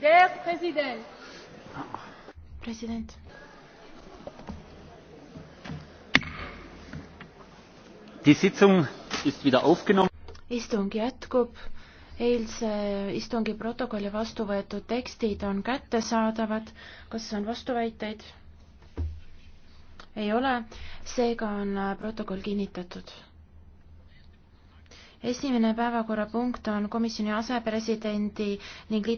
Der Präsident. Präsident. Die Sitzung ist wieder aufgenommen. Istung jätkub. Eilse istungi protokolli vastu võetud tekstid on kättesaadavad. Kas on vastuväiteid? Ei ole. Seega on äh, protokoll kinnitatud esimene päevakorrapunkt on komisjoni asepresidendi ning liidu